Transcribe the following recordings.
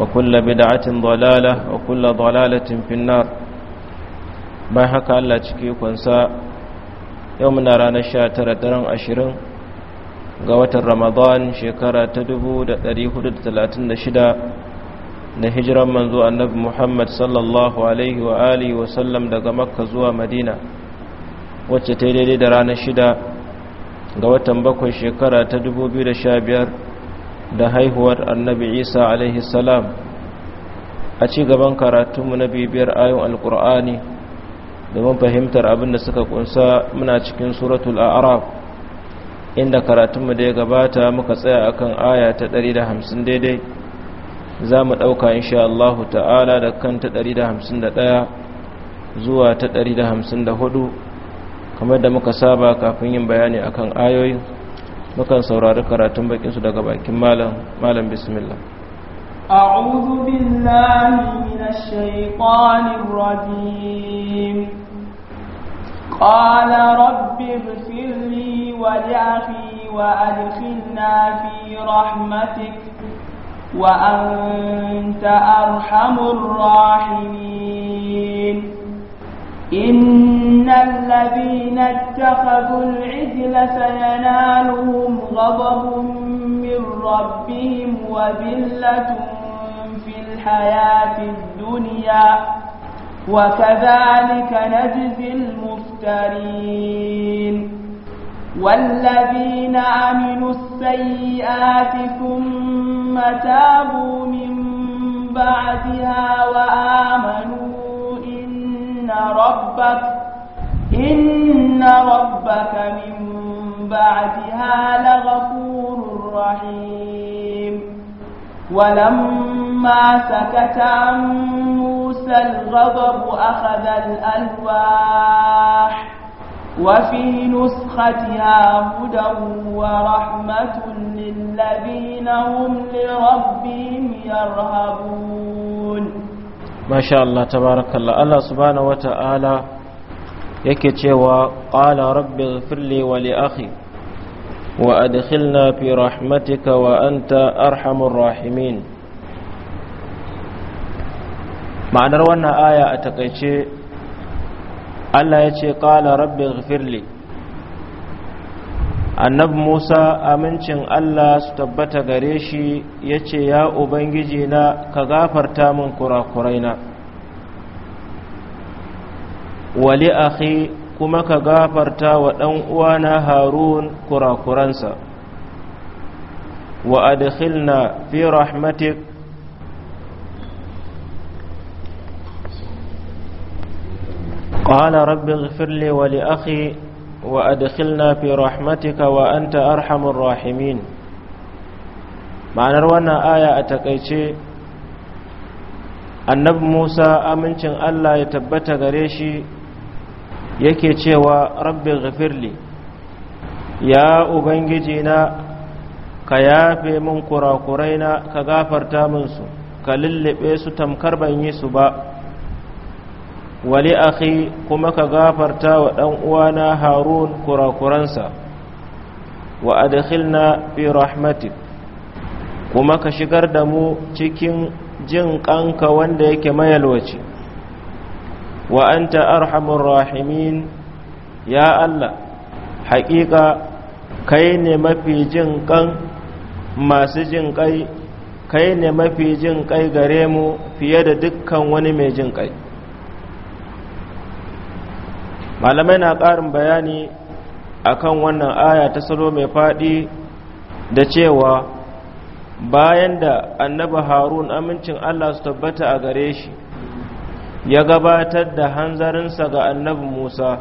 وكل بدعة ضلالة وكل ضلالة في النار باي حكا الله تشكي كونسا يوم نرانا شاترة درن أشرين قوات رمضان شكرا تدبو دري حدود ثلاثين شدا نهجرا منذ النبي محمد صلى الله عليه وآله وسلم دقا مكة زوا مدينة wacce ta daidai da ranar shida ga watan bakwai shekara ta 2015 da haihuwar annabi isa alaihi salam a ci gaban karatunmu na bibiyar ayon alkur'ani domin fahimtar abin da suka kunsa muna cikin suratul arab inda karatunmu da ya gabata muka tsaya akan aya ta 150 daidai za mu ɗauka insha Allah ta'ala da kan ta 151 zuwa ta 154 kamar da muka saba kafin yin bayani akan ayoyin mukan saurari karatun bakinsu daga bakin malam malam bismillah أعوذ بالله من الشيطان الرجيم قال رب اغفر لي ولأخي وأدخلنا في رحمتك وأنت أرحم الراحمين إن الذين اتخذوا العجل سينالهم غضب من ربهم وذلة في الحياة الدنيا وكذلك نجزي المفترين والذين عملوا السيئات ثم تابوا من بعدها وآمنوا ربك إن ربك من بعدها لغفور رحيم ولما سكت عن موسى الغضب أخذ الألواح وفي نسختها هدى ورحمة للذين هم لربهم يرهبون شاء الله تبارك الله الله سبحانه وتعالى يكتش وقال رب اغفر لي ولأخي وأدخلنا في رحمتك وأنت أرحم الراحمين ما نروانا آية أتقيتش الله يتش قال رب اغفر لي annabi musa amincin allah su tabbata gare shi ya ce ya ubangiji na ka gafarta min na. wali akhi kuma ka gafarta wa ɗan uwana harun kurakuransa wa adkhilna fi rahmatik قال رب اغفر wali ولأخي وأدخلنا في رحمتك وأنت أرحم rahimin. ma'anar wannan aya a takaice annabi musa amincin allah ya tabbata gare shi yake cewa rabbi ghafirli ya ubangiji na ka yafe min na, ka gafarta min su ka lullube su tamkar ban yi su ba wali akhi kuma ka gafarta wa ɗan uwana harun kurakuransa wa adkhilna fi rahmatik kuma ka shigar da mu cikin jin kanka wanda yake mayalwaci wa anta arhamur rahimin ya Allah haƙiƙa kai ne mafi jin kan masu jin kai kai ne mafi jin kai gare mu fiye da dukkan wani mai jin kai. malamai na ƙarin bayani akan wannan aya ta salo mai faɗi da cewa bayan da annaba harun amincin allah su tabbata a gare shi ya gabatar da hanzarinsa ga annabi musa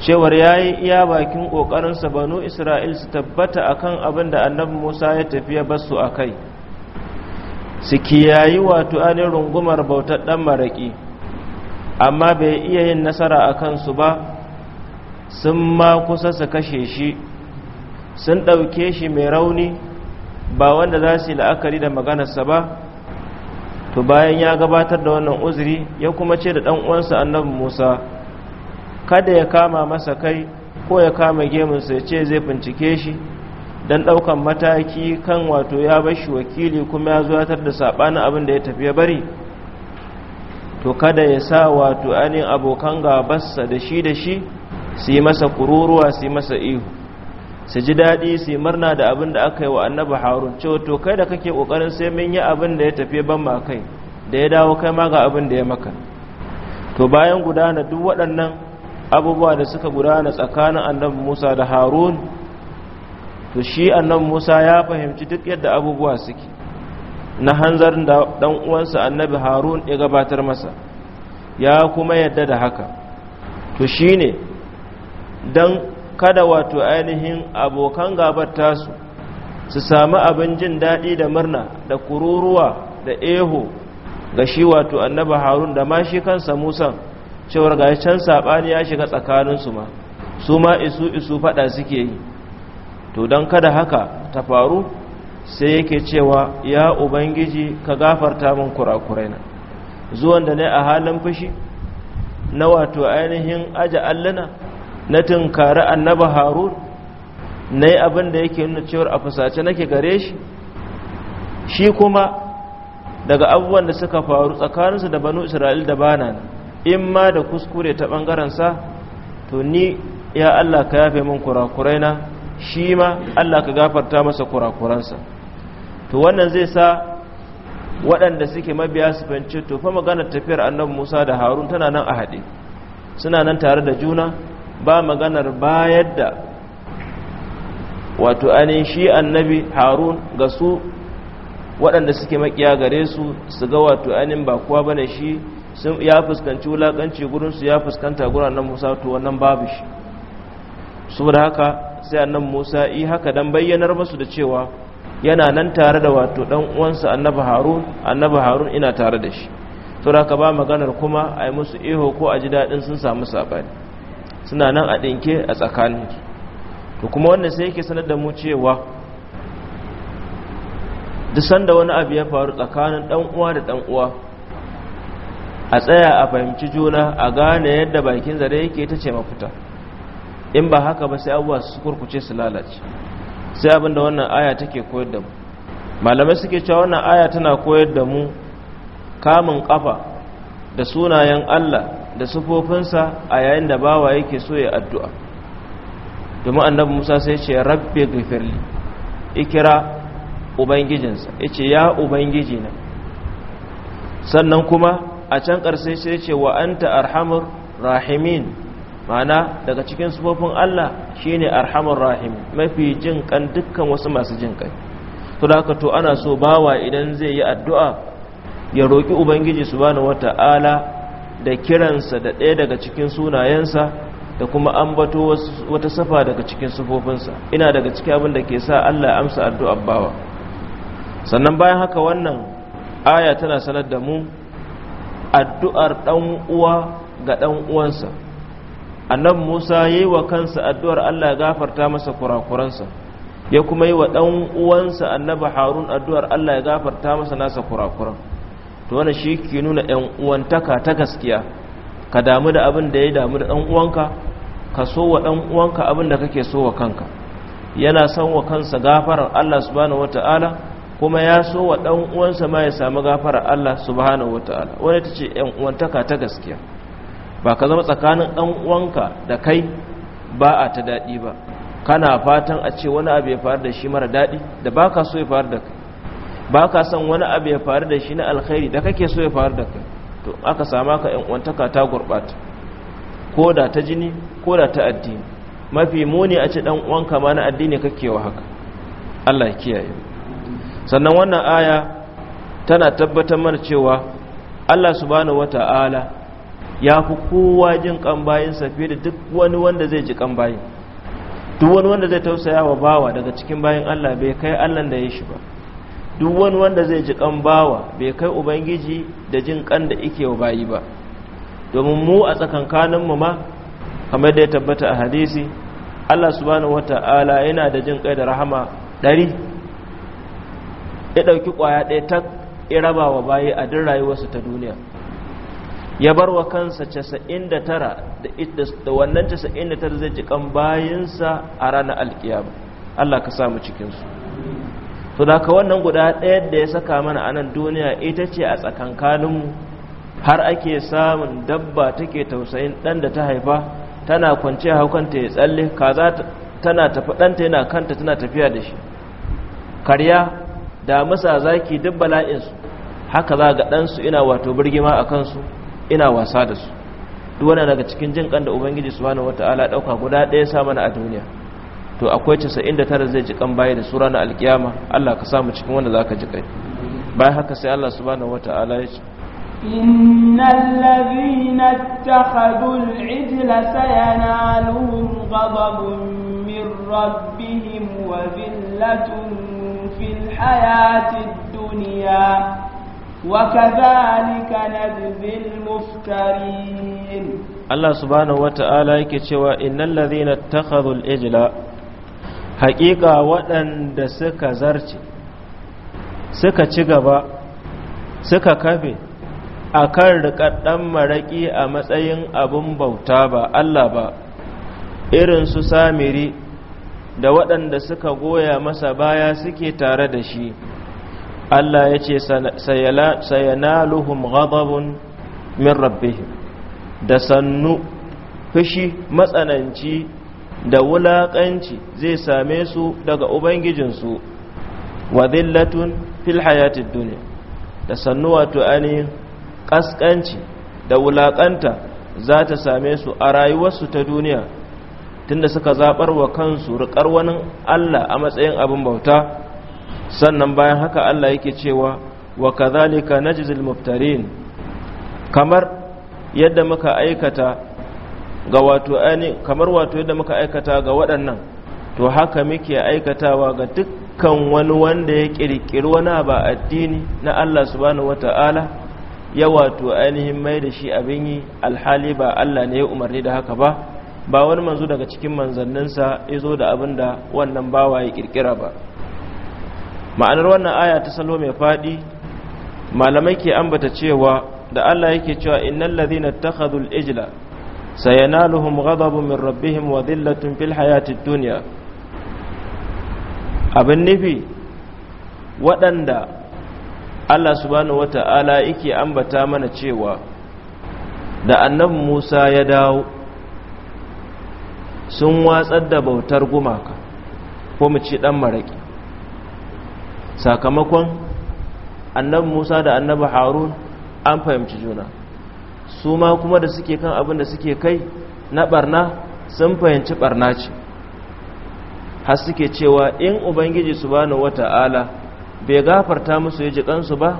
cewar ya yi iya bakin ƙoƙarinsa banu isra'il su tabbata akan abin da annabi musa ya tafiya basu a kai su kiyayi wato anin rungumar bautar ɗan maraƙi amma bai iya yin nasara a kansu ba sun ma kusa su kashe shi sun ɗauke shi mai rauni ba wanda za su yi la'akari da maganarsa ba to bayan ya gabatar da wannan uzuri ya kuma ce da ɗan'uwansa uwansa annabi musa kada ya kama masa kai ko ya kama gemunsa ya ce zai bincike shi don ɗaukan mataki kan wato ya bashi wakili kuma ya zuwatar da saɓanin abin da ya tafi ya bari to kada ya sa wato anin abokan gabarsa da shi da shi su yi masa kururuwa su yi masa ihu su ji daɗi su yi murna da abin da aka yi wa annaba harun cewa to kai da kake ƙoƙarin sai mun yi abin da ya tafi ban ma kai da ya dawo kai ma ga abin da ya maka to bayan gudana duk waɗannan abubuwa da suka gudana tsakanin annabi musa da harun to shi annabi musa ya fahimci duk yadda abubuwa suke na hanzar da dan uwansa annabi harun ya gabatar masa ya kuma yadda da haka to shine dan kada wato ainihin abokan gabar tasu su sami abin jin daɗi da murna da kururuwa da eho ga shi wato annabi harun da ma shi kansa musan cewar ga can saɓani ya shiga tsakaninsu ma su ma isu isu faɗa suke yi to don kada haka ta faru sai yake cewa ya ubangiji ka gafarta min kurakurai na zuwan da ne a halin fushi na wato ainihin aje allana na tunkari annaba harun na yi abin da yake nuna cewar a fusace nake gare shi shi kuma daga abubuwan da suka faru tsakaninsu da banu isra'il da bana in ma da kuskure ta sa to ni ya allah ka yafe min kurakurai na shi ma Allah ka gafarta masa kurakuransa to wannan zai sa waɗanda suke mabiya su fahimci to fa maganar tafiyar annabi Musa da Harun tana nan a haɗe suna nan tare da juna ba maganar bayar da wato anin shi annabi Harun ga su waɗanda suke makiya gare su su ga wato anin ba kowa bane shi sun ya fuskanci wulakanci gurin su ya fuskanta gurin nan Musa to wannan babu shi saboda haka sai annabi Musa yi haka dan bayyanar musu da cewa yana nan tare da wato dan uwansa annabi Harun annabi Harun ina tare da shi to da ka ba maganar kuma ai musu iho ko a ji dadin sun samu sabani suna nan a dinke a tsakanin to kuma wannan sai yake sanar da mu cewa duk sanda wani abu ya faru tsakanin dan uwa da dan uwa a tsaya a fahimci juna a gane yadda bakin zare yake ta ce mafuta in ba haka ba sai abubuwa su kurkuce su lalace sai abinda wannan aya take koyar da mu malamai suke cewa wannan aya tana koyar da mu kamun kafa da sunayen Allah da sufofinsa a yayin da bawa yake so ya addu'a domin annabi Musa sai ce rabbi ghafirli ikira ubangijinsa yace ya ubangiji na sannan kuma a can ƙarshe sai ce wa anta arhamur rahimin ma'ana daga cikin sufofin Allah shine arhamar rahim mafi jin kan dukkan wasu masu jin kai to haka to ana so bawa idan zai yi addu'a ya roki ubangiji subhanahu wata'ala da kiransa da ɗaya daga cikin sunayensa da kuma ambato wata safa daga cikin sufofinsa ina daga cikin abin da ke sa Allah ya amsa addu'a bawa sannan bayan haka wannan aya tana sanar da mu addu'ar dan uwa ga dan uwansa Annab Musa yayi wa kansa addu'ar Allah ya gafarta masa kurakuransa ya kuma yi wa dan uwansa annabi Harun addu'ar Allah ya gafarta masa nasa kurakuran to wannan shi ke nuna ɗan uwantaka ta gaskiya ka damu da abin da ya damu da ɗan uwanka ka so wa ɗan uwanka abin da kake so wa kanka yana son wa kansa gafarar Allah subhanahu wataala kuma ya so wa ɗan uwansa ma ya samu gafarar Allah subhanahu wataala wani ta ce ‘yan uwantaka ta gaskiya’ ba ka zama tsakanin ɗan uwanka da kai ba a ta daɗi ba kana fatan a ce wani abu ya faru da shi mara daɗi da ba ka so ya faru da kai ba ka son wani abu ya faru da shi na alkhairi da kake so ya faru da kai to aka sama ka yan uwantaka ta gurɓata ko da ta jini ko da ta addini mafi muni a ce ɗan uwanka ma na addini kake wa haka Allah ya kiyaye sannan wannan aya tana tabbatar mana cewa Allah subhanahu wata'ala ya fi kowa jin kan bayinsa fiye da duk wani wanda zai ji kan duk wani wanda zai tausaya wa bawa daga cikin bayan Allah bai kai Allah da ya shi ba duk wani wanda zai ji kan bawa bai kai ubangiji da jin kan da ike wa bayi ba domin mu a tsakankaninmu mu ma kamar da ya tabbata a hadisi Allah subhanahu wata'ala yana da jin kai da rahama ɗari ya ɗauki ƙwaya ɗaya ta ya bayi a duk rayuwarsu ta duniya ya bar wa kansa 99 da wannan 99 zai kan bayansa a ranar alkiyama Allah ka samu cikinsu to da ka wannan guda ɗaya da ya saka mana a nan duniya ita ce a tsakankaninmu har ake samun dabba take tausayin ɗan da ta haifa tana kwance haukanta ya tsalle kaza tana tafi ɗanta yana kanta tana tafiya da shi karya da masa zaki duk bala'insu haka za ga ɗansu ina wato birgima a kansu ina wasa da su duk daga cikin jin kan da ubangiji subhanahu wataala dauka guda daya sa mana a duniya to akwai 99 zai ji kan baya da sura na alkiyama Allah ka samu cikin wanda zaka ji kai bayan haka sai Allah subhanahu wataala ya ce ladhina الذين اتخذوا العجل ghadabun غضب rabbihim wa وذلة fil hayatid dunya وكذلك نجزي المفترين الله سبحانه وتعالى yake cewa innal ladhina ittakhadhu al-ijla haqiqa waɗanda suka zarce suka ci gaba suka kafe akan rikaddan maraƙi a matsayin abun bauta ba Allah ba irin su samiri da waɗanda suka goya masa baya suke tare da shi Allah ya ce sayanaluhum ghadabun min rabbihim da sannu fushi matsananci da wulaƙanci zai same su daga ubangijinsu wa zillatun fil hayatid dunya da sannu wato ani kaskanci da wulaƙanta za ta same su a rayuwarsu ta duniya tunda suka zaɓar wa kansu riƙar wani Allah a matsayin abin bauta sannan bayan haka Allah yake cewa wa kadhalika najzil muftarin kamar yadda muka aikata ga wato ani kamar wato yadda muka aikata ga waɗannan to haka muke aikatawa ga dukkan wani wanda ya kirkiri wani ba addini na Allah subhanahu wata'ala ya wato ainihin mai da shi abin yi alhali ba Allah ne ya umarni da haka ba ba wani manzo daga cikin manzanninsa ya zo da abinda da wannan bawa ya kirkira ba ma'anar wannan aya ta salo mai faɗi malamai ke ambata cewa da Allah yake cewa innal ladhina ittakhadhu al-ijla sayanaluhum ghadabun min rabbihim wa dhillatun fil hayatid dunya abin nufi waɗanda Allah subhanahu wata'ala yake ambata mana cewa da annabi Musa ya dawo sun watsar da bautar gumaka ko mu ce dan maraki sakamakon annabi musa da annabi harun an fahimci juna su ma kuma da suke kan abin da suke kai na barna sun fahimci barna ce har suke cewa in ubangiji su subhanahu wata'ala bai gafarta musu yaji kansu ba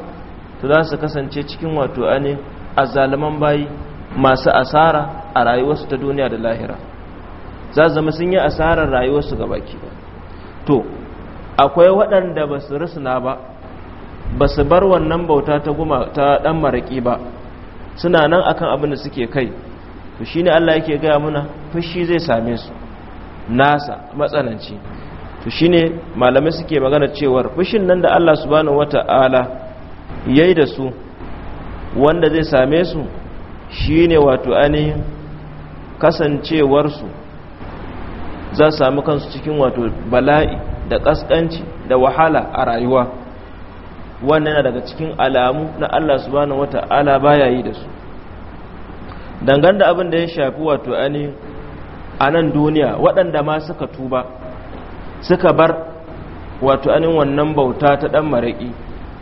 to za su kasance cikin wato ane azzaluman bayi masu asara a rayuwarsu ta duniya da lahira za zama sun yi asarar rayuwarsu gabaki to akwai waɗanda ba su risna ba ba su bar wannan bauta ta guma ta ɗan maraƙi ba suna nan akan abin da suke kai to shine Allah yake gaya muna fushi zai same su nasa matsananci to shine malamai suke magana cewar fushin nan da Allah su subhanahu wata'ala yayi da su wanda zai same su shine wato ainihin kasancewarsu za su samu kansu cikin wato bala'i da kaskanci da wahala a rayuwa wannan daga cikin alamu na Allah subhanahu wata'ala baya yi da su dangane da abin da ya shafi wato ani a nan duniya waɗanda ma suka tuba suka bar wato wannan bauta ta ɗan maraƙi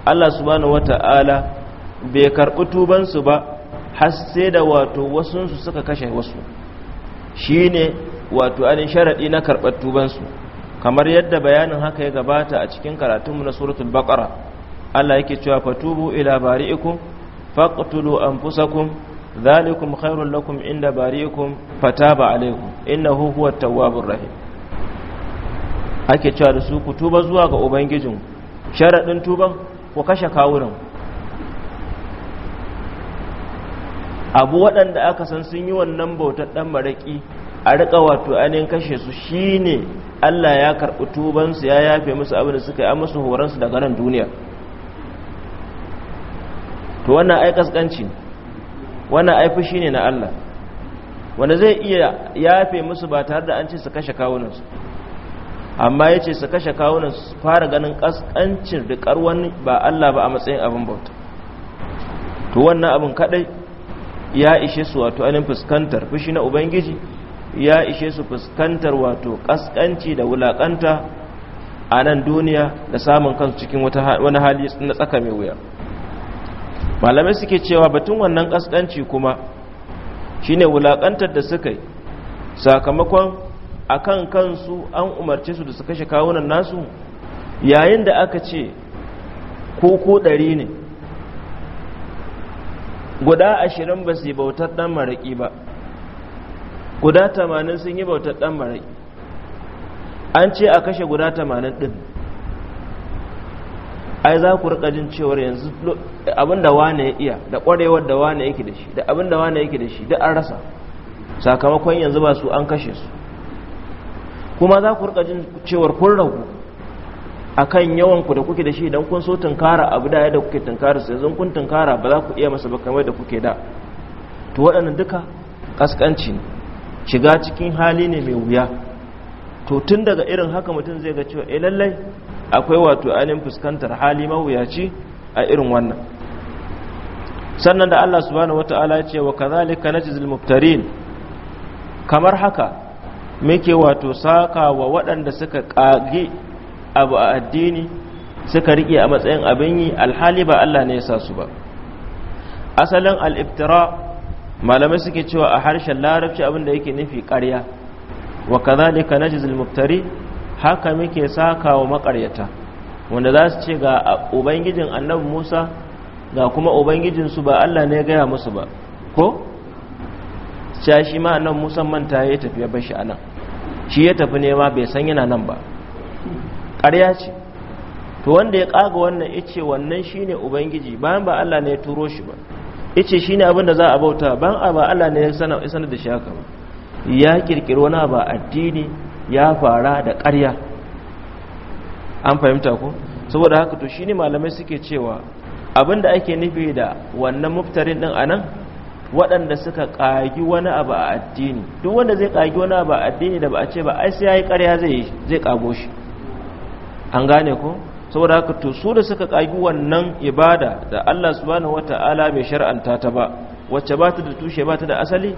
Allah subhanahu wata'ala bai karɓi tubansu ba har sai da wato wasunsu suka kashe wasu shine wato anin sharaɗi na karɓar tubansu kamar yadda bayanin haka ya gabata a cikin karatunmu na suratul baqara Allah yake cewa fatubu ila bari'ikum faqtulu anfusakum dhalikum khairul lakum inda bari'ikum fataba alaykum innahu huwat tawwabur rahim ake cewa da su ku tuba zuwa ga ubangijin sharadin tuban ku kashe kawunan abu waɗanda aka san sun yi wannan bautar dan maraki a riƙa wato ainihin kashe su shine Allah ya karɓi tubansu ya yafe musu abin da suka yi amma musu horonsu daga nan duniya to wannan ai kaskanci wannan ai fushi ne na Allah wanda zai iya yafe musu ba tare da an ce su kashe kawunansu amma ya ce su kashe kawunansu su fara ganin kaskancin riƙar wani ba Allah ba a matsayin abin bauta to wannan abin kaɗai ya ishe su wato ainihin fuskantar fushi na Ubangiji ya ishe su fuskantar wato kaskanci da wulakanta a nan duniya da samun kansu cikin wani hali na tsaka mai wuya malamai suke cewa batun wannan kaskanci kuma shine wulakantar da suka yi sakamakon akan kansu an umarci su da su kashe kawunan nasu yayin da aka ce koko ɗari ne guda ashirin ba su yi bautar ɗan maraƙi ba guda tamanin sun yi bautar ɗan marai an ce a kashe guda tamanin ɗin ai za ku rika jin cewar yanzu abinda wane ya iya da ƙwarewar da wane yake da shi da abinda wane yake da shi da an rasa sakamakon yanzu ba su an kashe su kuma za ku rika jin cewar kun ragu a kan yawanku da kuke da shi don kun so tunkara abu da yadda kuke tunkara sai zan kun tunkara ba za ku iya masa ba kamar da kuke da to waɗannan duka ƙasƙanci ne shiga cikin hali ne mai wuya to tun daga irin haka mutum zai ga cewa eh, lallai akwai wato ainihin fuskantar hali mawuyaci a irin wannan sannan da Allah subhanahu wata'ala ya ce wa kazalika najzil muftarin kamar haka muke wato saka wa waɗanda suka kage abu a addini suka rike a matsayin abin yi alhali ba Allah ne ya sa su ba asalin al-iftira malamai suke cewa a harshen larabci abin da yake nufi ƙarya wa kazalika najzil muftari haka muke saka wa makaryata wanda za su ce ga ubangijin annabi Musa ga kuma ubangijin su ba Allah ne gaya musu ba ko sha shi ma annabi Musa manta ya tafi bar shi anan shi ya tafi ne ma bai san yana nan ba ƙarya ce to wanda ya kaga wannan yace wannan shine ubangiji bayan ba Allah ne ya turo shi ba yace shine abin da za a bauta ban a ba Allah ne ya sanar da shi haka ba ya kirkiri wani ba addini ya fara da ƙarya an fahimta ko saboda haka to shine malamai suke cewa abin da ake nufi da wannan muftarin a nan waɗanda suka ƙagi wani abu a addini duk wanda zai ƙagi wani abu a addini da ba a ce ba ai sai yi ƙarya zai zai ƙago shi an gane ko saboda haka to su da suka kagi wannan ibada da Allah subhanahu wata'ala bai shar'anta ta ba wacce ba ta da tushe ba ta da asali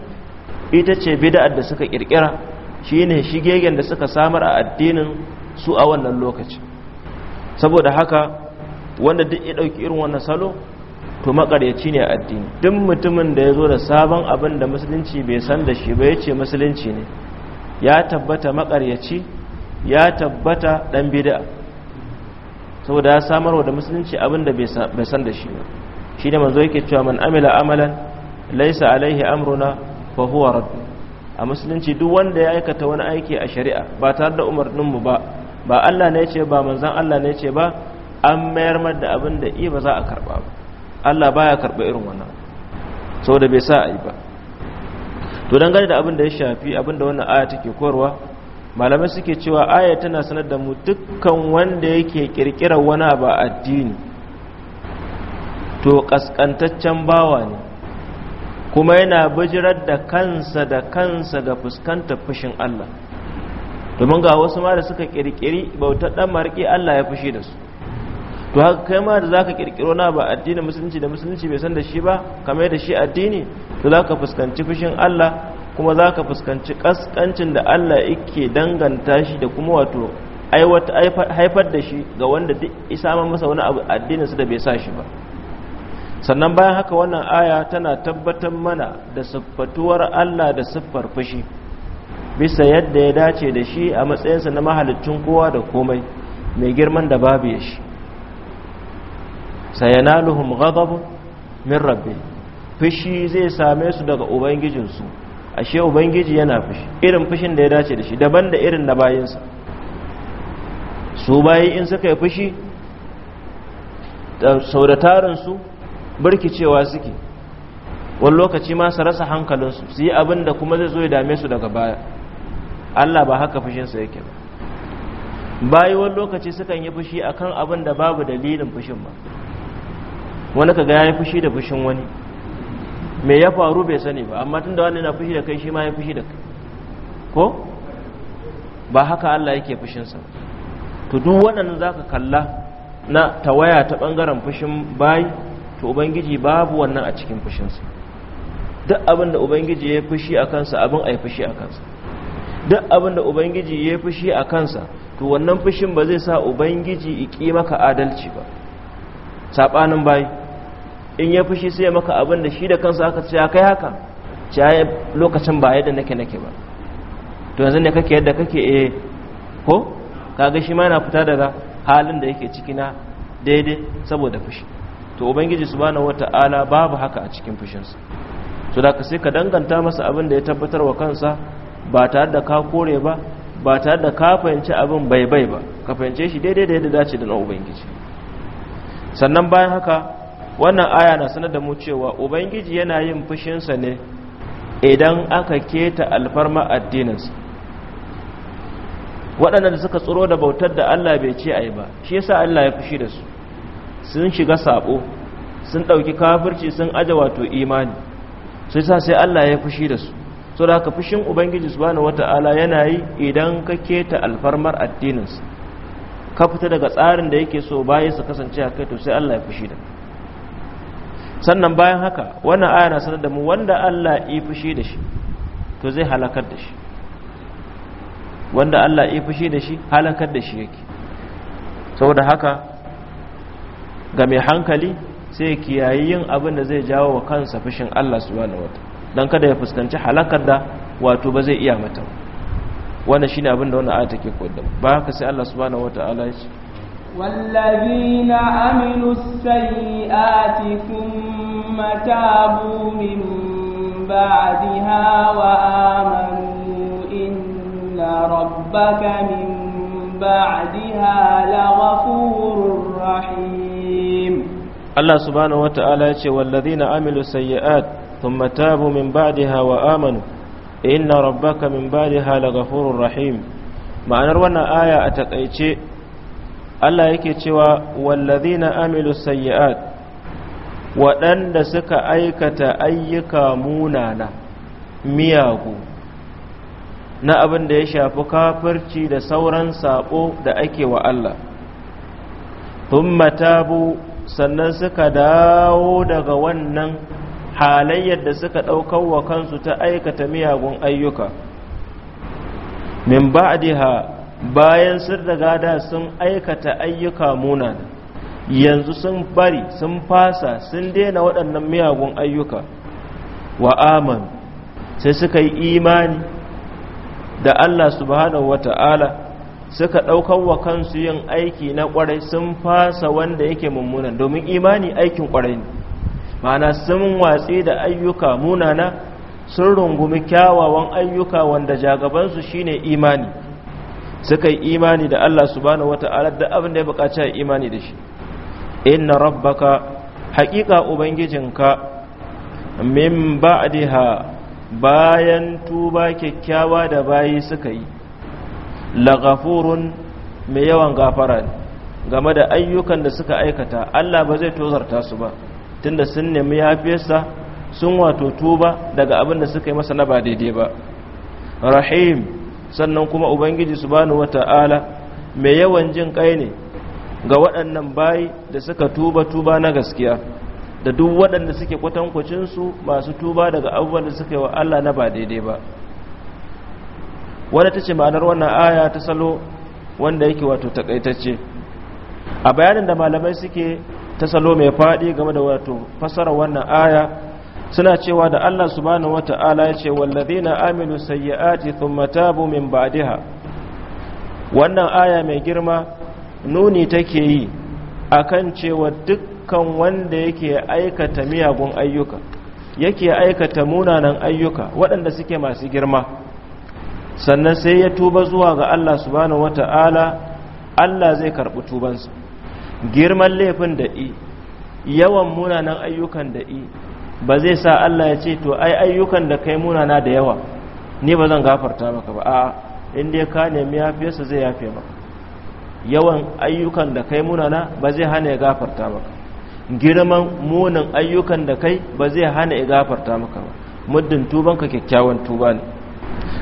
ita ce bid'ar da suka kirkira shine shigegen da suka samar a addinin su a wannan lokaci saboda haka wanda duk ya dauki irin wannan salo to makaryaci ne a addini duk mutumin da ya zo da sabon abin da musulunci bai san da shi ba yace musulunci ne ya tabbata makaryaci ya tabbata dan bid'a saboda ya samarwa da musulunci abinda da bai san da shi ba shi ne manzo yake cewa man amila amalan laisa alaihi amruna fa huwa radd a musulunci duk wanda ya aikata wani aiki a shari'a ba tare da umarnin mu ba ba Allah ne ce ba manzon Allah ne ce ba an mayar mar da abin da ba za a karba ba Allah baya karba irin wannan saboda bai sa a yi ba to dangane da abin ya shafi abinda da wannan aya take koyarwa malamai suke cewa aya tana sanar da mu dukkan wanda yake kirkira wani abu addini to kaskantaccen bawa ne kuma yana bijirar da kansa da kansa ga fuskantar fushin Allah domin ga wasu ma da suka kirkiri bauta dan marƙi Allah ya fushi da su to haka kai ma da zaka kirkiro na ba addinin musulunci da musulunci bai san da shi ba kamar da shi addini to zaka fuskanci fushin Allah kuma za ka fuskanci kaskancin da Allah yake danganta shi da kuma wato haifar da shi ga wanda duk isa masa wani abu addininsu da bai sa shi ba sannan bayan haka wannan aya tana tabbatar mana da siffatuwar Allah da siffar fushi bisa yadda ya dace da shi a matsayinsa na mahalicin kowa da komai mai girman da babu ya shi sayanaluhum ghadabun min rabbi fushi zai same su daga ubangijinsu ashe ubangiji yana fushi irin fushin da ya dace da shi daban da irin na bayinsa su bayi in suka yi fushi sau da tarinsu birkicewa suke wani lokaci ma su rasa hankalinsu su yi abin da kuma zai zo ya dame su daga baya allah ba haka fushinsa yake ba bayi wani lokaci sukan yi fushi akan abin da babu dalilin fushin ba wani kaga ya yi fushi da fushin wani me ya faru bai sani ba amma tunda wani na fushi da kai shi ma ya fushi da kai ko ba haka Allah yake fushinsa to duk waɗannan zaka kalla na tawaya ta bangaren fushin bai to ubangiji babu wannan a cikin fushinsa duk abin da ubangiji ya fushi a kansa abin a yi fushi a kansa duk abin da ubangiji ya fushi a kansa to wannan fushin ba zai sa ubangiji ya iki maka adalci ba saɓanin bayi in ya fushi sai maka abin da shi da kansa aka ce kai haka ya lokacin ba yadda nake nake ba to yanzu ne kake yadda kake eh ko kaga shi ma yana fita daga halin da yake ciki na daidai saboda fushi to ubangiji subhanahu wata'ala babu haka a cikin sa to da ka sai ka danganta masa abin da ya tabbatar wa kansa ba tare da ka kore ba ba tare da ka fahimci abin bai bai ba ka fahimce shi daidai da yadda dace da na ubangiji sannan bayan haka wannan aya na sanar da mu cewa ubangiji yana yin fushinsa ne idan aka keta alfarma addininsa waɗanda suka tsoro da bautar da Allah bai ce ayi ba shi yasa Allah ya fushi da su sun shiga sabo sun ɗauki kafirci sun aje wato imani su yasa sai Allah ya fushi da su so da haka fushin ubangiji subhanahu wata'ala yana yi idan ka keta alfarmar addininsa ka fita daga tsarin da yake so baya su kasance a kai to sai Allah ya fushi da sannan bayan haka wannan aya na sanar da mu wanda Allah ya fushi da shi to zai halakar da shi wanda Allah ya fushi da shi halakar da shi yake saboda haka ga mai hankali sai kiyayi yin abin da zai jawo wa kansa fushin Allah subhanahu wata don kada ya fuskanci halakar da wato ba zai iya mata wannan shine abin da wannan aya take koyar da mu ba haka sai Allah subhanahu wata ya ce والذين عملوا السيئات ثم تابوا من بعدها وآمنوا إن ربك من بعدها لغفور رحيم الله سبحانه وتعالى والذين عملوا السيئات ثم تابوا من بعدها وآمنوا إن ربك من بعدها لغفور رحيم ma'anar wannan aya a takaice Allah yake cewa wallazina amilu sayyi'at waɗanda suka aikata ayyuka munana miyagu na abin da ya shafi kafirci da sauran saƙo da ake wa Allah thumma tabu sannan suka dawo daga wannan halayyar da suka ɗaukar wa kansu ta aikata miyagun ayyuka min ba'diha bayan sun daga da sun aikata ayyuka muna yanzu sun bari sun fasa sun daina waɗannan miyagun ayyuka wa aman sai suka yi imani da Allah subhanahu wata'ala suka ɗaukar wa kansu yin aiki na ƙwarai sun fasa wanda yake mummunan domin imani aikin ƙwarai ne mana sun watsi da ayyuka munana sun rungumi kyawawan ayyuka wanda jagabansu shine imani suka yi imani da Allah subhanahu wata'ala da abin da ya bukaci a imani da shi inna rabbaka haƙiƙa ubangijinka min ba'daha bayan tuba kyakkyawa da bayi suka yi lagafurun mai yawan gafara game da ayyukan da suka aikata Allah ba zai tozarta su ba tunda sun nemi yafiyarsa sun wato tuba daga abin da suka yi masa na ba daidai ba rahim sannan kuma ubangiji subhanahu wata'ala mai yawan jin kai ne ga waɗannan bayi da suka tuba tuba na gaskiya da duk waɗanda suke kwatankwacinsu masu tuba daga abubuwan da suka yi wa Allah na ba daidai ba wadda ta ce ma'anar wannan aya ta salo wanda yake wato takaitacce a bayanin da malamai suke ta salo mai faɗi game da wato fasara wannan aya suna cewa da Allah subhanahu wata'ala ya ce wallazina aminu sayyi'ati thumma tabu min ba'daha wannan aya mai girma nuni take yi akan cewa dukkan wanda yake aikata miyagun ayyuka yake aikata munanan ayyuka waɗanda suke masu girma sannan sai ya tuba zuwa ga Allah subhanahu wata'ala Allah zai karɓi tubansa girman laifin da i yawan munanan ayyukan da i ba zai sa Allah ya ce to ai ayyukan da kai munana da yawa ni ba zan gafarta maka ba a'a inda dai ka nemi yafiyarsa zai yafe maka yawan ayyukan da kai munana ba zai hana ya gafarta maka girman munin ayyukan da kai ba zai hana ya gafarta maka ba muddin tubanka kyakkyawan tuba ne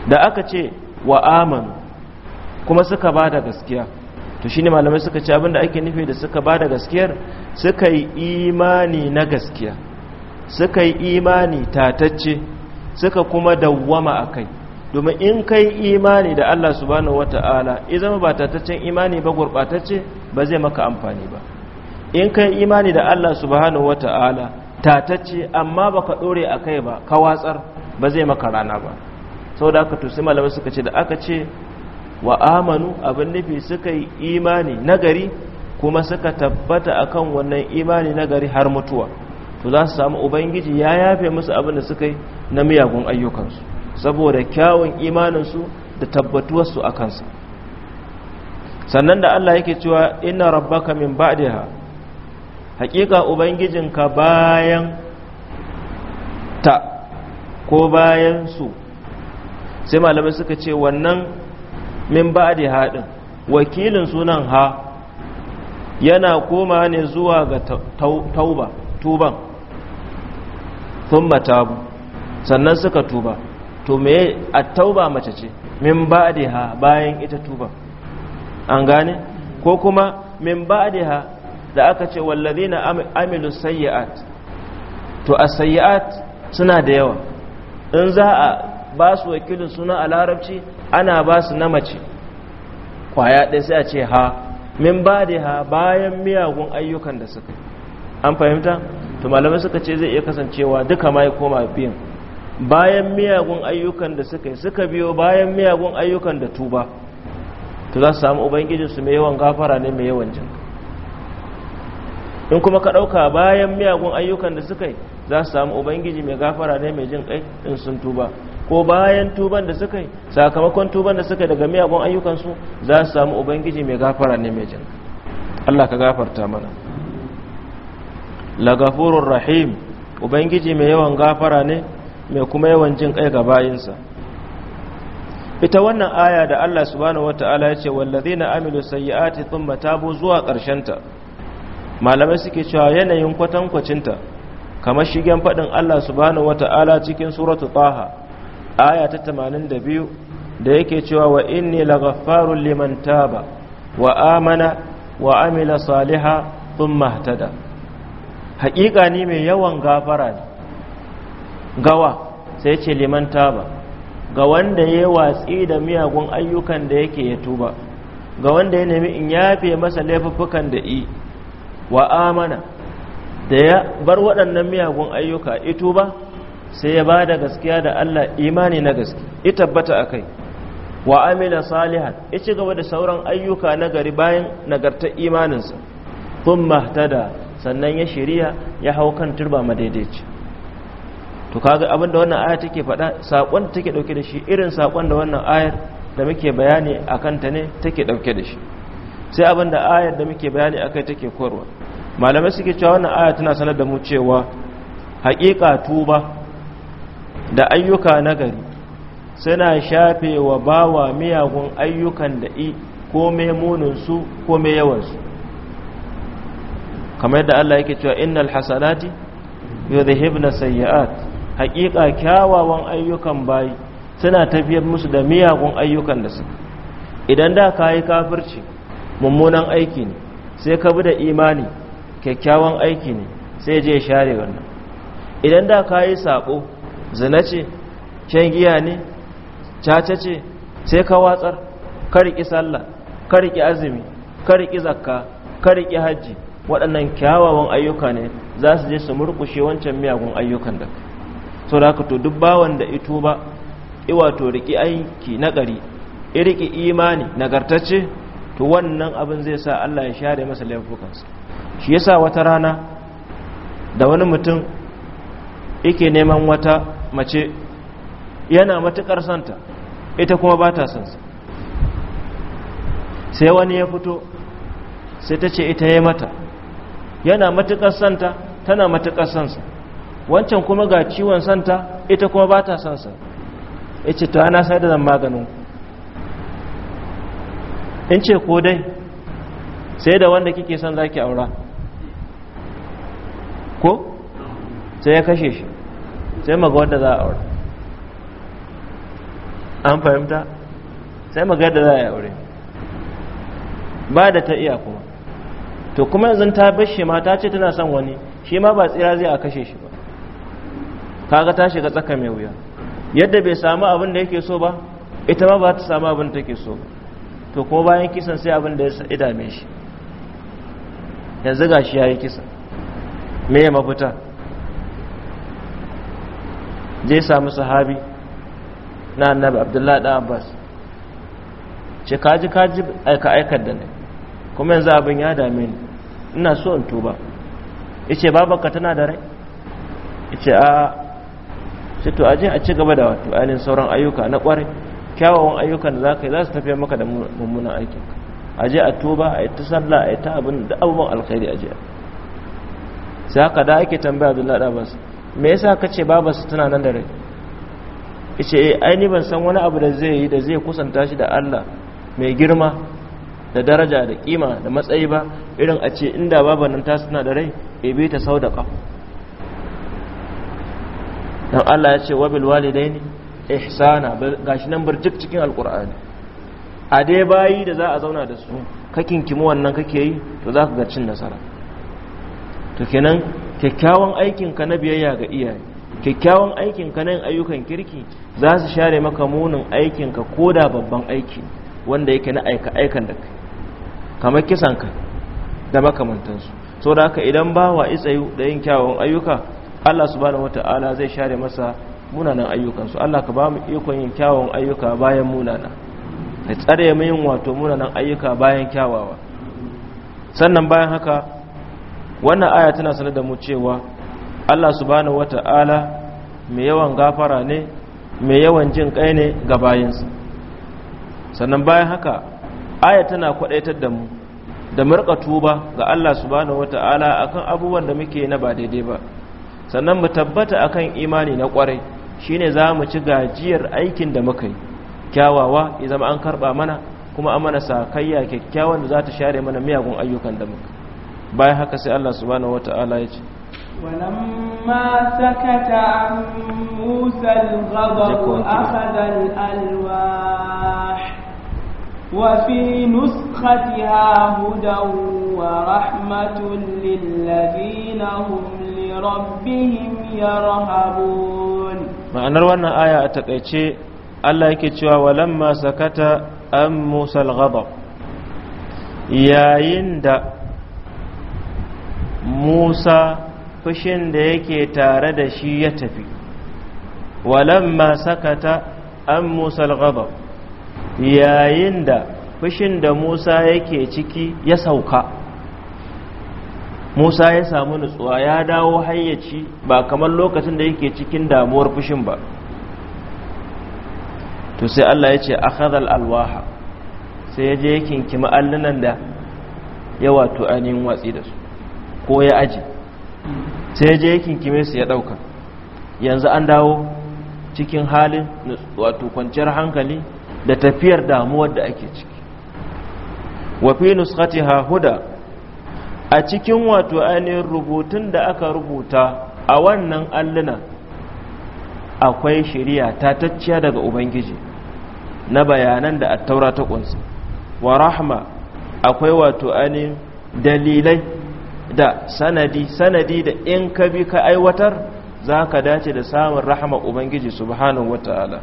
da aka ce wa aman kuma suka ba da gaskiya to shine malamai suka ce abinda ake nufi da suka ba da gaskiyar suka yi imani na gaskiya suka yi imani tatacce suka kuma dawwama a kai domin in kai imani da Allah subhanahu in izama ba tataccen imani ba gurɓatacce ba zai maka amfani ba in kai imani da Allah subhanahu ta'ala tatacce amma ba ka ɗore a kai ba ka watsar ba zai maka rana ba sau da aka tusi malamai suka ce da aka ce wa amanu abin nufi suka yi imani nagari kuma suka tabbata akan wannan imani nagari har mutuwa to za su samu ubangiji ya yafe musu abin da suka yi na miyagun ayyukansu saboda kyawun imaninsu da tabbatuwarsu a kansa sannan da Allah yake cewa ina rabbaka min ba'daha hakika ubangijinka bayan ta ko bayan su sai malamai suka ce wannan min ba'daha din wakilin sunan ha yana koma ne zuwa ga tauba tuban thumma tabu sannan suka tuba to me at-tauba mace ce min ba'daha bayan ita tuba an gane ko kuma min ba'daha da aka ce wallazina amilu sayi'at to a sayyiat suna da yawa in za a ba su wakilin suna a larabci ana ba su na mace kwaya ɗaya sai a ce ha min ba da ha bayan miyagun ayyukan da suka an fahimta to malamai suka ce zai iya kasancewa duka ma ya koma biyan bayan miyagun ayyukan da suka yi suka biyo bayan miyagun ayyukan da tuba to za su samu ubangijinsu mai yawan gafara ne mai yawan jin in kuma ka ɗauka bayan miyagun ayyukan da suka yi za su samu ubangiji mai gafara ne mai jin kai in sun tuba ko bayan tuban da suka yi sakamakon tuban da suka yi daga miyagun ayyukansu za su samu ubangiji mai gafara ne mai jin Allah ka gafarta mana lagafurur rahim ubangiji mai yawan gafara ne mai kuma yawan jin kai ga bayinsa ita wannan aya da Allah subhanahu wataala ya ce wallazina amilu sayyiati thumma tabu zuwa ta malamai suke cewa yanayin kwatankwacinta kamar shigen fadin Allah subhanahu wataala cikin suratu taha aya ta 82 da yake cewa wa inni lagafarul liman taba wa amana wa amila salihan thumma ihtada haƙiƙa ne mai yawan gafara gawa sai ce liman taba ga wanda ya watsi da miyagun ayyukan da yake ya tuba ga wanda ya nemi in yafe masa laifuffukan da i wa amana da ya bar waɗannan miyagun ayyuka ito ba sai ya ba da gaskiya da Allah imani na gaske ita tabbata a kai wa Amina salihan ya ci gaba da sauran ayyuka na gari bayan nagartar imaninsa kun mahtada sannan ya shirya ya hau kan turba madaidaici to kaga abinda wannan aya take faɗa sakon da take dauke da shi irin sakon da wannan ayar da muke bayani akan ta ne take dauke da shi sai abinda ayar da muke bayani akai take korwa malamai suke cewa wannan aya tana sanar da mu cewa haƙiƙa tuba da ayyuka nagari suna shafe wa bawa miyagun ayyukan da i ko mai muninsu ko mai yawansu kamar yadda Allah yake cewa innal hasanati yudhibna sayiat haƙiƙa kyawawan ayyukan bayi suna tafiyar musu da miyagun ayyukan da suka idan da ka yi kafirci mummunan aiki ne sai ka bi da imani kyakkyawan aiki ne sai je share wannan idan da ka yi sabo zina ce shan giya ne caca ce sai ka watsar ka sallah ka azumi ka zakka ka hajji waɗannan kyawawan ayyuka ne za su je su murkushe wancan miyagun ayyukan da so da haka to duk bawan da ito ba iwato riki aiki na gari iriki imani nagartacce to wannan abin zai sa Allah ya share masa laifukansa shi yasa wata rana da wani mutum yake neman wata mace yana matukar santa ita kuma ba ta sansa sai wani ya fito sai ta ce ita ya mata yana matuƙar santa tana matuƙar sansa wancan kuma ga ciwon santa ita kuma ba ta sansa ya ce ta ana sai da zan maganin in ce ko dai sai da wanda kike son za ki aura ko sai ya kashe shi sai maga wanda za a aura an fahimta sai maga yadda za a aure ba da ta iya kuma to kuma yanzu ta bar shi ma ta ce tana son wani shi ma ba tsira zai a kashe shi ba kaga ta shiga tsaka mai wuya yadda bai samu abin da yake so ba ita ma ba ta samu abin da take so to kuma bayan kisan sai abin da ya idame shi yanzu ga shi ya yi kisa me ya mafita zai samu sahabi na annabi abdullahi da abbas ce kaji kaji aika aikar da ne kuma yanzu abin ya dame ni ina so in tuba yace babanka tana da rai yace a sai to aje a ci gaba da wato ainihin sauran ayyuka na kwarai kyawawan ayyukan da zaka yi za su tafiya maka da mummunan aikin aje a tuba a yi ta sallah a yi ta abin da abubuwan alkhairi aje sai haka da ake tambaya da lada me yasa ka ce babansa tana nan da rai yace eh ai ni ban san wani abu da zai yi da zai kusanta shi da Allah mai girma da daraja da kima da matsayi ba irin a ce inda babu nan ta suna da rai ebe ta sau da ƙaf don Allah ya ce wabil walidai ne ihsana gashi nan barjik cikin alkur'ani a dai bayi da za a zauna da su kakin kimi wannan kake yi to za ka ga cin nasara to kenan kyakkyawan aikinka na biyayya ga iyaye kyakkyawan aikinka na yin ayyukan kirki za su share maka munin aikinka ko da babban aiki wanda yake na aika aikan da kai kamar kisan ka da makamantansu so da haka idan ba bawa itsayu da yin kyawun ayyuka Allah su subhanahu wata'ala zai share masa munanan ayyukansu Allah ka ba mu ikon yin kyawun ayyuka bayan munana ka tsare mu yin wato munanan ayyuka bayan kyawawa sannan bayan haka wannan aya tana sanar da mu cewa Allah su subhanahu wata'ala mai yawan gafara ne mai yawan jin kai ne ga bayinsa sannan bayan haka aya tana kwadaitar da mu da murka tuba ga Allah subhanahu wata'ala akan abubuwan da muke na ba daidai ba sannan mu tabbata akan imani na kwarai shine za mu ci gajiyar aikin da muka kyawawa ya an karba mana kuma an mana sakayya kyakkyawan da za ta share mana miyagun ayyukan da muka bayan haka sai Allah subhanahu wata'ala ya ce sakata musa al-ghadab akhadha al alwa. وفي نسختها هدى ورحمة للذين هم لربهم يرهبون ma'anar wannan aya a takaice Allah yake cewa walamma sakata an Musa al yayin da Musa fushin da yake tare da shi ya tafi walamma sakata an musal al yayin da fushin da musa yake ciki ya sauka musa ya samu nutsuwa ya dawo hayyaci ba kamar lokacin da yake cikin damuwar fushin ba to sai allah ya ce akhadhal alwaha sai ya je ya kinkimi allunan da ya wato ainihin watsi da su ko ya aji sai ya je ya kinkime su ya ɗauka yanzu an dawo cikin halin wato kwanciyar hankali da tafiyar damuwar da ake ciki wa fi ha huda a cikin wato ainihin rubutun da aka rubuta a wannan alluna akwai shari'a ta tacciya daga ubangiji na bayanan da attaura ta kunsa wa rahma akwai wato ainihin dalilai da sanadi sanadi da in ka bi ka aiwatar za ka dace da samun rahama ubangiji subhanahu wa ta'ala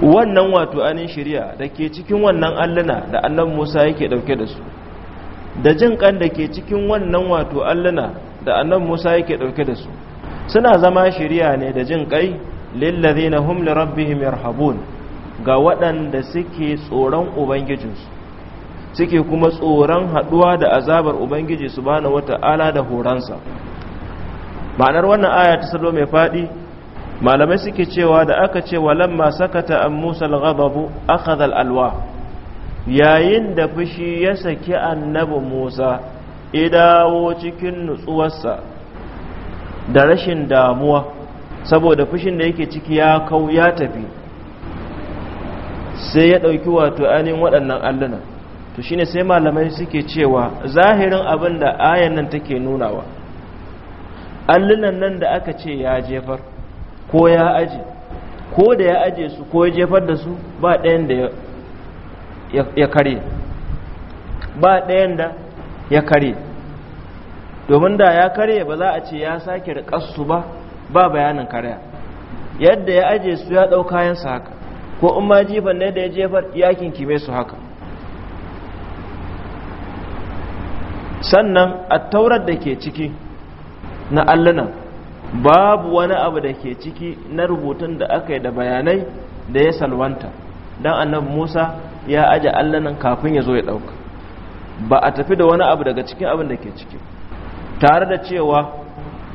wannan wato anin shari'a da ke cikin wannan alluna da annan Musa yake dauke da su da jin kan da ke cikin wannan wato alluna da annan Musa yake dauke da su suna zama shari'a ne da jin kai lillazina hum li rabbihim yarhabun ga waɗanda suke tsoron ubangijinsu suke kuma tsoron haɗuwa da azabar ubangiji wata ala da horansa ma'anar wannan aya ta salo mai faɗi malamai suke cewa da aka ce lamma sakata an musa al-ghadabu akhadha al-alwa yayin da fushi ya saki annabi musa idawo cikin nutsuwarsa da rashin damuwa saboda fushin da yake ciki ya kau ya tafi sai ya ɗauki wato anin waɗannan alluna to shine sai malamai suke cewa zahirin abin da ayan nan take nunawa allunan nan da aka ce ya jefar ko ya aje ko da ya aje su ko ya jefar da su ba ɗayan da ya kare ba ɗayan da ya kare domin da ya kare ba za a ce ya sake ƙasu ba ba bayanin karya yadda ya aje su ya ɗau kayansa haka ko in ma jifan ne da ya jefar yakin kime su haka sannan a taurar da ke ciki na allunan babu wani abu da ke ciki na rubutun da aka yi da bayanai da ya salwanta don annabi musa ya aje allanin kafin ya zo ya ɗauka ba a tafi da wani abu daga cikin abin da ke ciki tare da cewa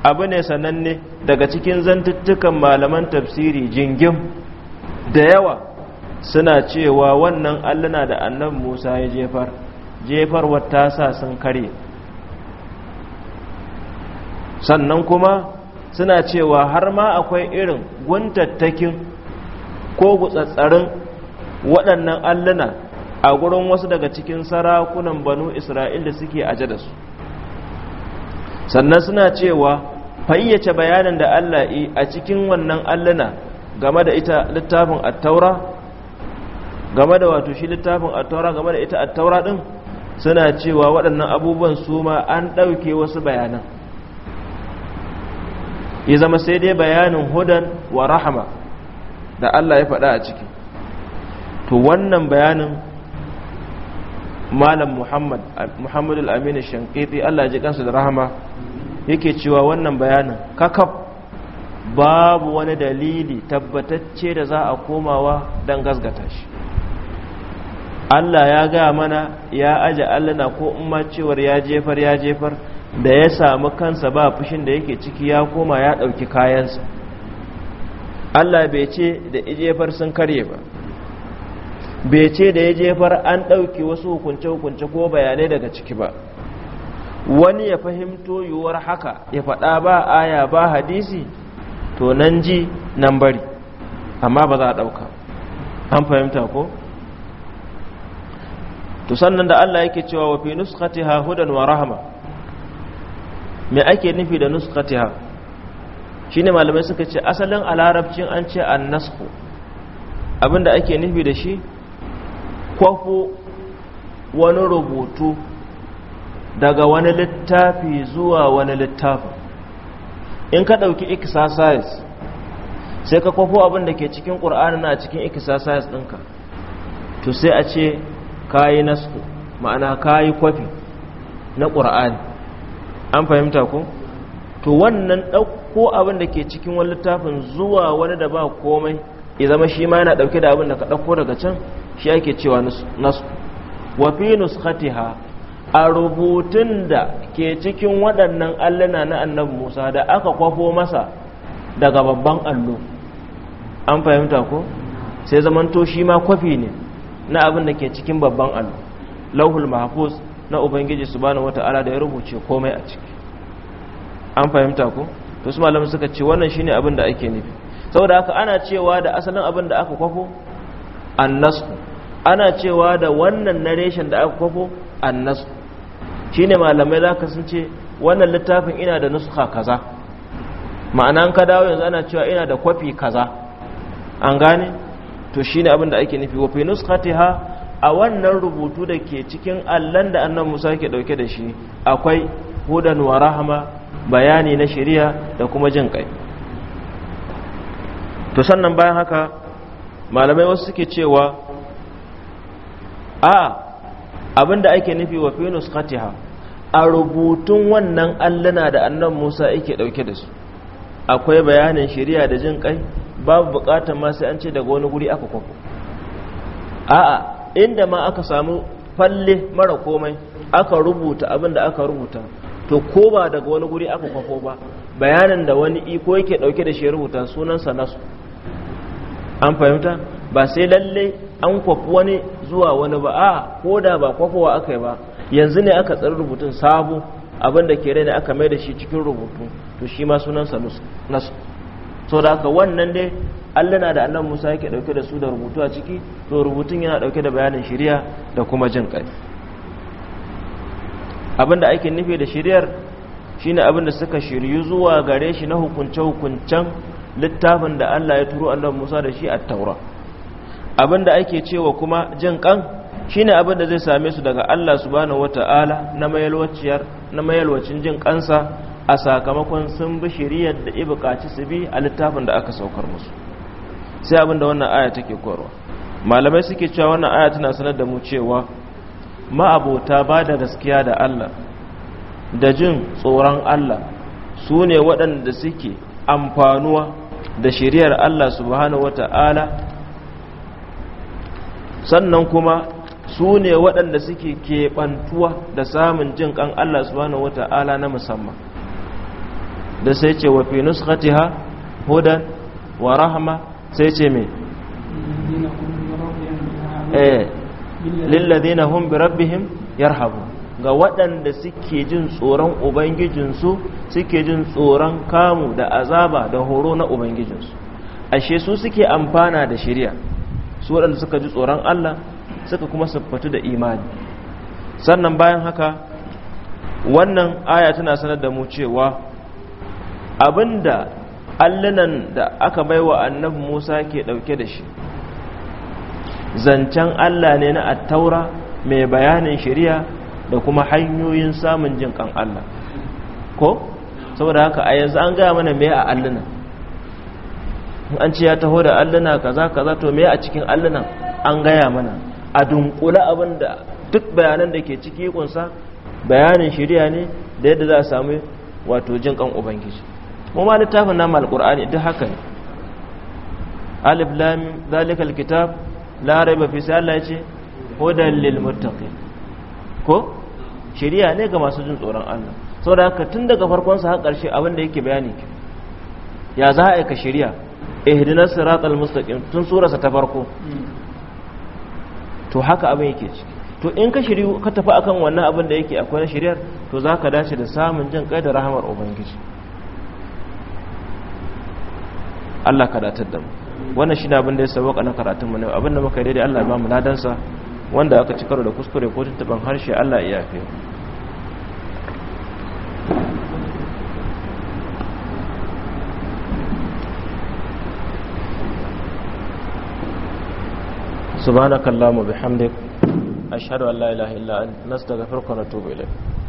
abu ne sananne daga cikin zantuttukan malaman tafsiri jingim da yawa suna cewa wannan allana da annabi musa ya jefar jefarwar ta sa sun karye sannan kuma suna cewa har ma akwai irin guntattakin ko gutsatsarin waɗannan alluna a gurin wasu daga cikin sarakunan banu isra'ila suke aje da su sannan suna cewa fayyace bayanin da allah yi a cikin wannan alluna game da ita littafin attaura game da wato shi littafin attaura game da ita attaura din suna cewa waɗannan abubuwan su ma an ɗauke wasu bayanan ya zama sai dai bayanin hudan wa rahama da Allah ya faɗa a ciki to wannan bayanin malam muhammad muhammadu al'amini shankiti Allah ji kansu da rahama yake cewa wannan bayanin kakaf babu wani dalili tabbatacce da za a komawa don gasgata shi Allah ya gaya mana ya aje Allah na ko in cewar ya jefar ya jefar da ya samu kansa ba fushin da yake ciki ya koma ya ɗauki kayansa Allah bai ce da ijefar sun karye ba bai ce da ya jefar an ɗauki wasu hukunce-hukunce ko bayanai daga ciki ba wani ya fahimto yiwuwar haka ya faɗa ba aya ba hadisi to nan ji nan bari amma ba za a ɗauka an fahimta ko? to sannan da Allah yake cewa wa fi nuskati hudan wa rahama me ake nufi da nuskatiha ne malamai suka ce asalin a larabcin an ce nasku abinda ake nufi da shi kwafo wani rubutu daga wani littafi zuwa wani littafi in ka ɗauki exercise sai ka kwafo abinda ke cikin ƙur'ani na cikin exercise ɗinka to sai a ce kayi nasku ma'ana kayi kwafi na ƙur'ani an fahimta ko to wannan ɗauko abin da ke cikin wani littafin zuwa wani da ba komai ya zama shi ma yana ɗauke da abin da ka ɗauko daga can shi ake cewa nasu wafi nuskatiha a rubutun da ke cikin waɗannan allina na annabi musa da aka kwafo masa daga babban allo an fahimta ko sai zamanto shi ma kwafi ne na abin da ke cikin babban allo lauhul mahfuz na ubangiji subhanahu wata'ala da ya rubuce komai a ciki an fahimta ku. to su malamu suka ce wannan shine abin da ake nufi saboda haka ana cewa da asalin abin da aka kwafo annas ana cewa da wannan narration da aka kwafo annas shine malamai zaka sun ce wannan littafin ina da nuskha kaza ma'ana an ka dawo yanzu ana cewa ina da kwafi kaza an gane to shine abin da ake nufi wa fi nuskhatiha a wannan rubutu da ke cikin allan da annan musa ke dauke da shi akwai hudan wa rahama bayani na shari'a da kuma jin kai to sannan bayan haka malamai wasu suke cewa a abinda ake nufi wa finus katiha a rubutun wannan allana da annan musa yake dauke da su akwai bayanin shari'a da jin kai babu bukatar ma sai an ce daga wani guri aka kwafo a'a inda ma aka samu falle mara komai aka rubuta abin da aka rubuta to ko ba daga wani guri aka kwafo ba bayanin da wani iko yake dauke da shi rubuta sunansa nasu an fahimta ba sai lalle an kwafi wani zuwa wani ba a ko da ba kwafowa aka yi ba yanzu ne aka tsar rubutun sabo abin da ke rai ne aka mai da shi cikin rubutu to shi ma sunansa nasu so da haka wannan dai Allah na da annabi Musa yake dauke da su da rubutu a ciki to rubutun yana dauke da bayanin shirya da kuma jin kai abinda ake nufi da shiryar shine abinda suka shiryu zuwa gare shi na hukunce hukuncen littafin da Allah ya turo allah Musa da shi a taura abinda ake cewa kuma jin kan shine abinda zai same su daga Allah Su subhanahu wataala na mayalwaciyar na mayalwacin jin kansa a sakamakon sun bi shiriyar da ibukaci su bi a littafin da aka saukar musu sai abin da wannan aya take korwa malamai suke cewa wannan aya tana sanar da mu cewa ma'abota ba da gaskiya da Allah da jin tsoron Allah su ne waɗanda suke amfanuwa da shiriyar Allah subhanahu wata'ala sannan kuma su ne waɗanda suke keɓantuwa da samun jin ƙan Allah subhanahu wata'ala na musamman da sai ce wa fi ha hudan wa rahama sai ce mai eh, lillazi na hun bi rabbihim yarhabu ga waɗanda suke jin tsoron ubangijinsu suke jin tsoron kamu da azaba da horo na ubangijinsu ashe su suke amfana da shirya su waɗanda suka ji tsoron Allah suka kuma siffatu da imani sannan bayan haka wannan aya tana sanar da mu cewa abinda allunan da aka baiwa annabi Musa ke dauke da shi zancen Allah ne na attaura mai bayanin shari'a da kuma hanyoyin samun jin kan Allah ko saboda haka a yanzu an gaya mana me a alluna an ce ya taho da alluna kaza kaza to me a cikin allunan an gaya mana a dunkula abin da duk bayanan da ke ciki kunsa bayanin shari'a ne da yadda za a samu wato jin kan ubangiji mu ma littafin namu alqur'ani duk haka ne alif lam zalikal kitab la raiba fi sai Allah ya ce hudan lil muttaqin ko shari'a ne ga masu jin tsoron Allah saboda haka tun daga farkon sa har karshe abin da yake bayani ya za a aika shari'a ihdinas siratal mustaqim tun surarsa ta farko to haka abin yake ciki to in ka shiryu ka tafi akan wannan abin da yake akwai na shari'ar to zaka dace da samun jin kai da rahamar ubangiji Allah karatar da mu wannan shi ne abin da ya sabo kana karatun mu ne abin da muka yi daidai Allah ya ba mu ladansa wanda aka ci karo da kuskure ko tuntuban harshe Allah ya yafe سبحانك bihamdik ashhadu an la ilaha illa anta أنت wa ونتوب إليك